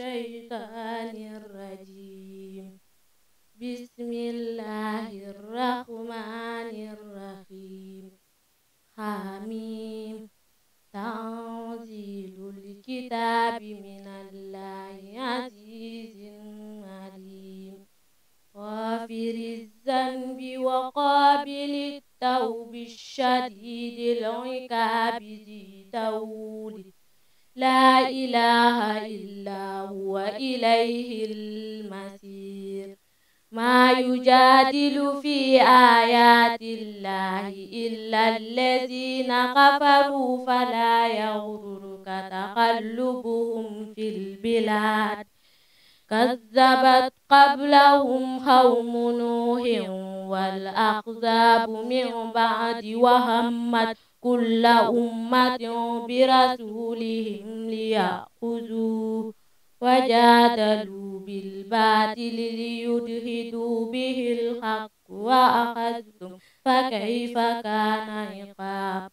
الشيطان الرجيم بسم الله الرحمن الرحيم حميم تنزيل الكتاب من الله إليه المسير ما يجادل في آيات الله إلا الذين كفروا فلا يغرك تقلبهم في البلاد كذبت قبلهم قوم نوح والأحزاب من بعد وهمت كل أمة برسولهم ليأخذوه وجادلوا بالباطل ليدهدوا به الحق وأخذتم فكيف كان عقاب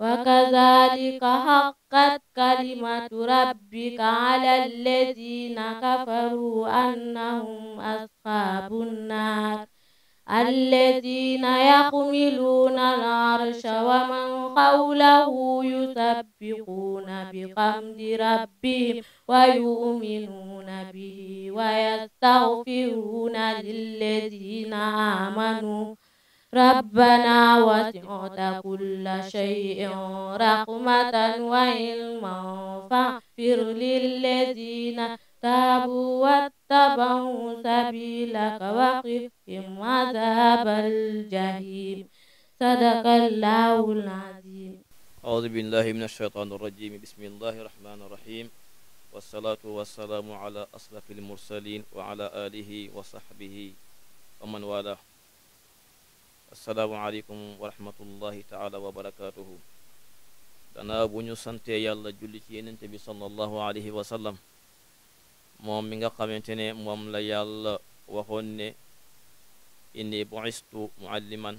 وكذلك حقت كلمة ربك على الذين كفروا أنهم أصحاب النار الذين يحملون العرش ومن حوله يسبحون بحمد ربهم ويؤمنون به ويستغفرون للذين آمنوا ربنا وسعت كل شيء رحمة وعلما فاغفر للذين تابوا واتبعوا سبيلك وقفهم عذاب الجحيم صدق الله العظيم أعوذ بالله من الشيطان الرجيم بسم الله الرحمن الرحيم والصلاة والسلام على أصرف المرسلين وعلى آله وصحبه ومن والاه السلام عليكم ورحمة الله تعالى وبركاته danaa bu ñu santee yàlla julli ci yenente bi sallallahu alayhi wa sallam moom mi nga xamante ne moom la yàlla waxoon ne inni bu'istu mualliman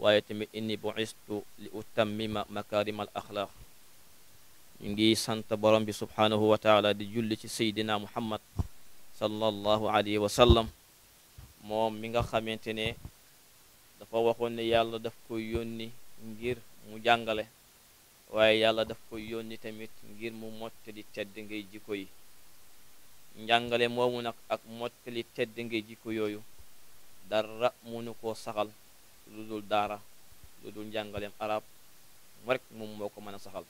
waaye tamit inni bu'istu li utammima makaarimal axlaaq ñu ngi sant borom bi subhaanahu wa taala di julli ci seydina muhammad sallallahu alayhi wa sallam moom mi nga xamante ne dafa waxoon ne yàlla daf ko yónni ngir mu jàngale waaye yàlla daf ko yónni tamit ngir mu mottali tedd ngay jikko yi njàngale moomu nag ak mottali tedd ngay jikko yooyu dara munu koo saxal lu dul daara du dul njàngaleem arab mu rek moo ko mën a saxal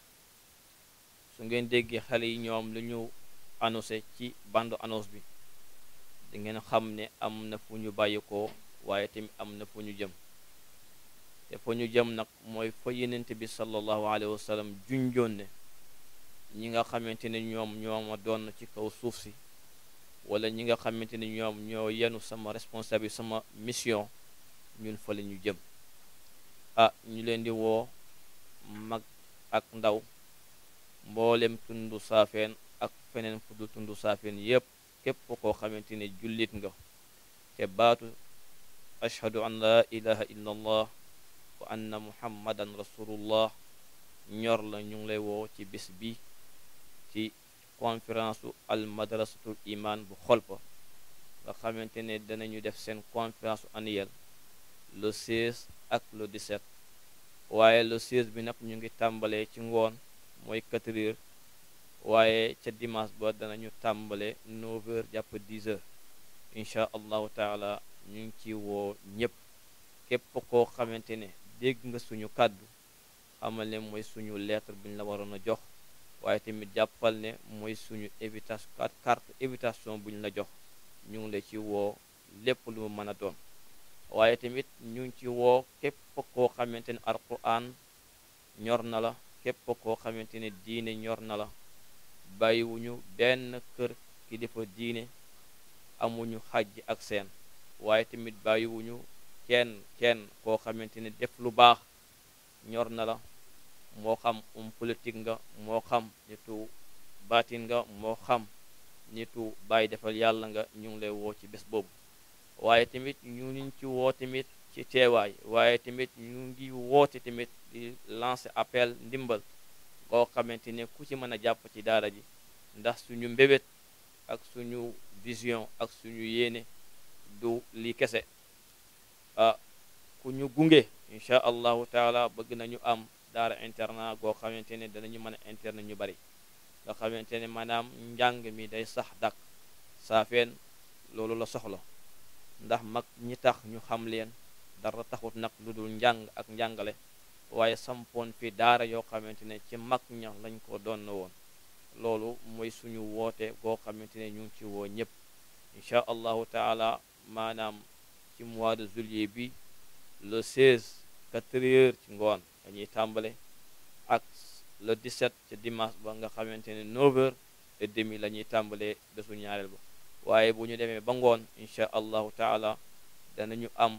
su ngeen déggee xale yi ñoom lu ñu annoncé ci bandu annonce bi dangeen xam ne am na fu ñu bàyyikoo waaye tamit am na fu ñu jëm te fa ñu jëm nag mooy fa yenent bi sallallahu alayhi wa sallam junjoon ne ñi nga xamante ne ñoom ñooma doon ci kaw suuf si wala ñi nga xamante ne ñoom ñoo yenu sama responsable sama mission ñun fa la ñu jëm ah ñu leen di woo mag ak ndaw mboolem tundu saafeen ak feneen fu dul tundu saafeen yépp képp koo xamante ne jullit nga te baatu ashhadu an laa ilaha illa allah wa anna muhammadan rasulullah ñor la ñu ngi lay woo ci bés bi ci conférence u al madrasatul iman bu xolpa nga xamante ne danañu def seen conférence annuelle le 16 ak le 17 waaye le 16 bi nag ñu ngi tàmbalee ci ngoon mooy 4 heures waaye ca dimanche ba danañu tàmbale 9 heures jàpp 10 heures incha allahu taala ñu ngi ci woo ñëpp képp koo xamante ne dégg nga suñu kàddu xamal ne mooy suñu lettre bi la waroon a jox waaye tamit jàppal ne mooy suñu invitation carte invitation bu la jox ñu ngi la ci woo lépp lu mu mën a doon waaye tamit ñu ngi ci woo képp koo xamante ne alquran ñor na la képp koo xamante ne diine ñor na la bàyyiwuñu benn kër ki dafa diine amuñu xaj ak seen waaye tamit bàyyiwuñu kenn kenn koo xamante ne def lu baax ñor na la moo xam um politique nga moo xam nitu baatin nga moo xam nitu bàyyi defal yàlla nga ñu ngi lay woo ci bés boobu waaye tamit ñu niñ ci woo tamit ci teewaay waaye tamit ñu ngi woote tamit di lancer appel ndimbal koo xamante ne ku ci mën a jàpp ci daara ji ndax suñu mbébét ak suñu vision ak suñu yéene du lii kese ah ku ñu gunge incha allahu taala bëgg nañu am daara internat goo xamante ne danañu mën a interne ñu bari nga xamante ne maanaam njàng mi day sax dak saafeen loolu la soxla ndax mag ñi tax ñu xam leen dara taxut nag lu dul njàng ak njàngale waaye sampoon pi daara yoo xamante ne ci mag ñax lañ ko doon woon loolu mooy suñu woote goo xamante ne ñu ngi ci woo ñëpp incha allahu taala maanaam ci mois de juillet bi le 16 4 heures ci ngoon dañuy tàmbale ak le 17 ci dimanche ba nga xamante ne 9 heures demi la ñuy tàmbalee bésu ñaareel ba waaye bu ñu demee ba ngoon incha allahu taala danañu am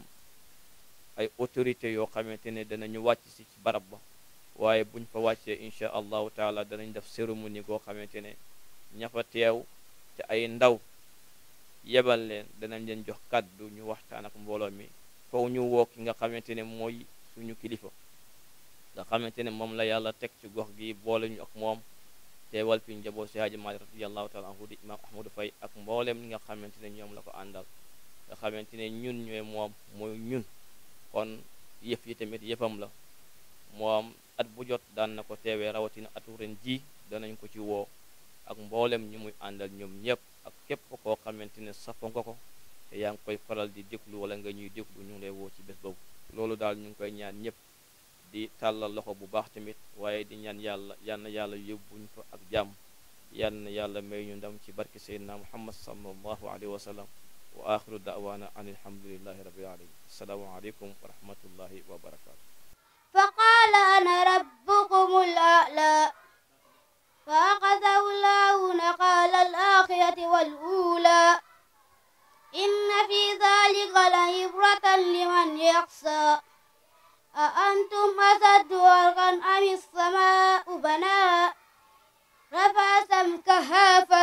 ay autorité yoo xamante ne ñu wàcc si ci barab ba waaye buñ fa wàccee incha allahu taala danañ def ni goo xamante ne ña fa teew te ay ndaw yebal leen danañ leen jox kàddu ñu waxtaan ak mbooloo mi faw ñu woo ki nga xamante ne mooy suñu kilifa nga xamante ne moom la yàlla teg ci gox gi boole ñu ak moom teewal fi njaboot si Haaji Maalik radiyallahu taala anhu di imaam Ahmadou Faye ak mbooleem li nga xamante ne ñoom la ko àndal nga xamante ñun ñooy moom kon yëf yi tamit yëfam la moom at bu jot daan na ko teewee rawatina at ren jii danañ ko ci woo ak mboolem ñu muy àndal ñoom ñëpp ak képp koo xamante ne safa nga ko te yaa ngi koy faral di déglu wala nga ñuy déglu ñu ngi lay woo ci bés boobu loolu daal ñu ngi koy ñaan ñëpp di tàllal loxo bu baax tamit waaye di ñaan yàlla yal na yàlla yóbbuñ ko ak jàmm yal na yàlla may ñu ndam ci barke Seydina Muhammad sallallahu alayhi wa sallam واخر دعوانا ان الحمد لله رب العالمين السلام عليكم ورحمه الله وبركاته فقال انا ربكم الاعلى فاخذه الله نقال الاخره والاولى ان في ذلك لعبره لمن يخشى أأنتم أشد خلقا أم السماء بناء رفع سمكها